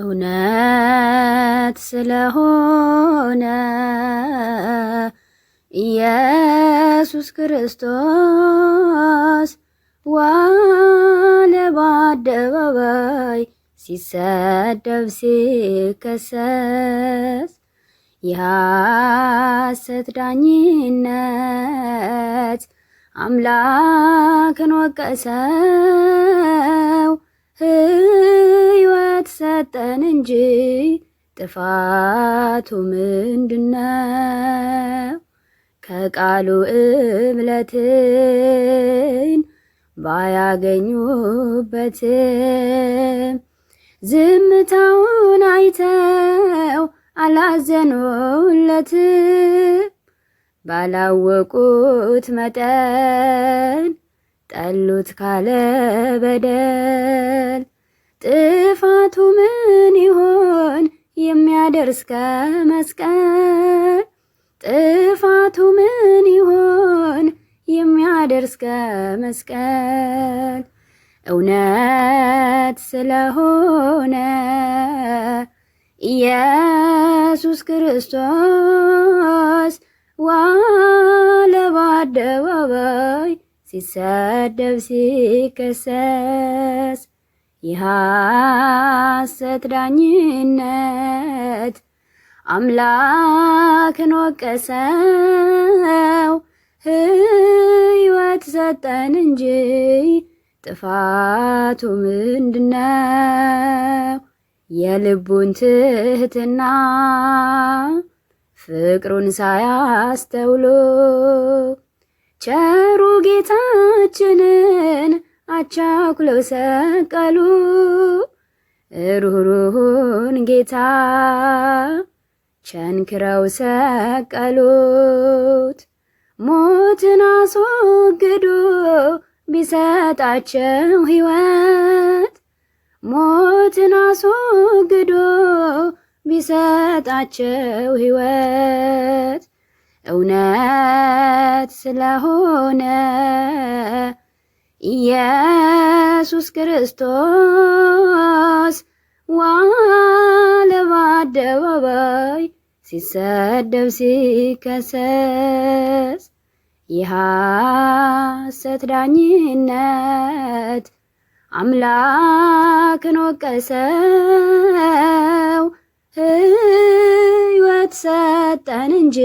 እውነት ስለሆነ ኢየሱስ ክርስቶስ ዋለ በአደባባይ ሲሰደብ ሲከሰስ የሐሰት ዳኝነት አምላክን ወቀሰስ ሰጠን እንጂ ጥፋቱ ነው ከቃሉ እብለትን ባያገኙበትም ዝምታውን አይተው አላዘኑለትም። ባላወቁት መጠን ጠሉት ካለ በደል ጥፋቱ ምን ይሆን የሚያደርስ ከመስቀል ጥፋቱ ምን ይሆን የሚያደርስ ከመስቀል እውነት ስለሆነ ኢየሱስ ክርስቶስ ዋለ በአደባባይ ሲሰደብ ሲከሰስ የሐሰት ዳኝነት አምላክን ወቀሰው። ሕይወት ሰጠን እንጂ ጥፋቱ ምንድነው? የልቡን ትህትና ፍቅሩን ሳያስተውሎ ቸሩ ጌታችንን አቻኩለው ሰቀሉ ሩህሩህን ጌታ ቸንክረው ሰቀሉት። ሞትን አስወግዶ ቢሰጣቸው ሕይወት ሞትን አስወግዶ ቢሰጣቸው ሕይወት እውነት ስለሆነ ኢየሱስ ክርስቶስ ዋለ በአደባባይ ሲሰደብ ሲከሰስ የሐሰት ዳኝነት አምላክን ወቀሰው። ሕይወት ሰጠን እንጂ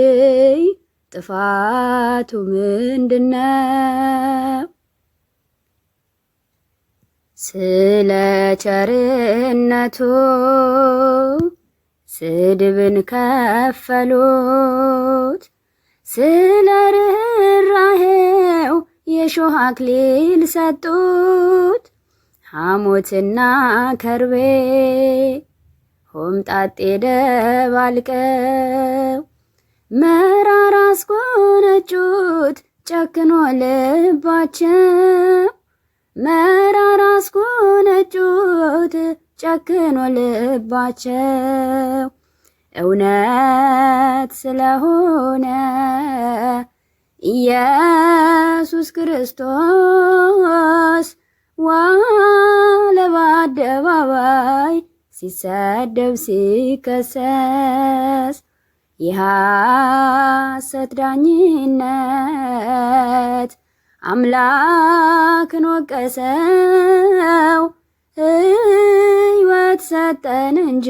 ጥፋቱ ምንድነው? ስለ ቸርነቱ ስድብን ከፈሉት፣ ስለ ርኅራሄው የሾህ አክሊል ሰጡት። ሐሞትና ከርቤ ሆምጣጤ ደባልቀው መራራ አስጎነጩት ጨክኖ ልባቸው ያሉት ጨክኖ ልባቸው እውነት ስለሆነ ኢየሱስ ክርስቶስ ዋለ በአደባባይ ሲሰደብ ሲከሰስ የሐሰት ዳኝነት አምላክን ወቀሰው። ሰጠን እንጂ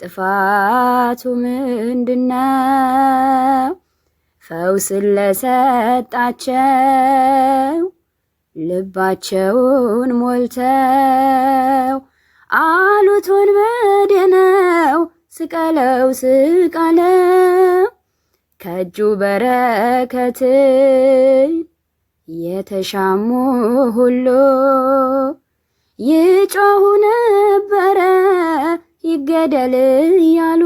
ጥፋቱ ምንድነው? ፈውስ ለሰጣቸው ልባቸውን ሞልተው አሉቱን ወንበዴ ስቀለው ስቃለ ከእጁ በረከት የተሻሙ ሁሉ ይጮሁ ነበረ ይገደል እያሉ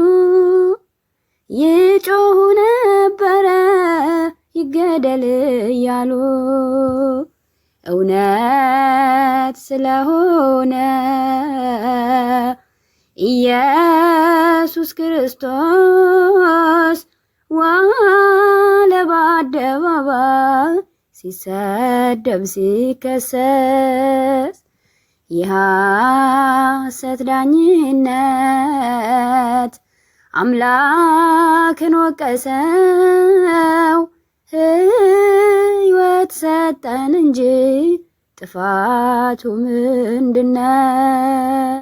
ይጮሁ ነበረ ይገደል እያሉ እውነት ስለሆነ ኢየሱስ ክርስቶስ ዋለ በአደባባይ ሲሰደብ ሲከሰስ የሐሰት ዳኝነት አምላክን ወቀሰው። ሕይወት ሰጠን እንጂ ጥፋቱ ምንድነው?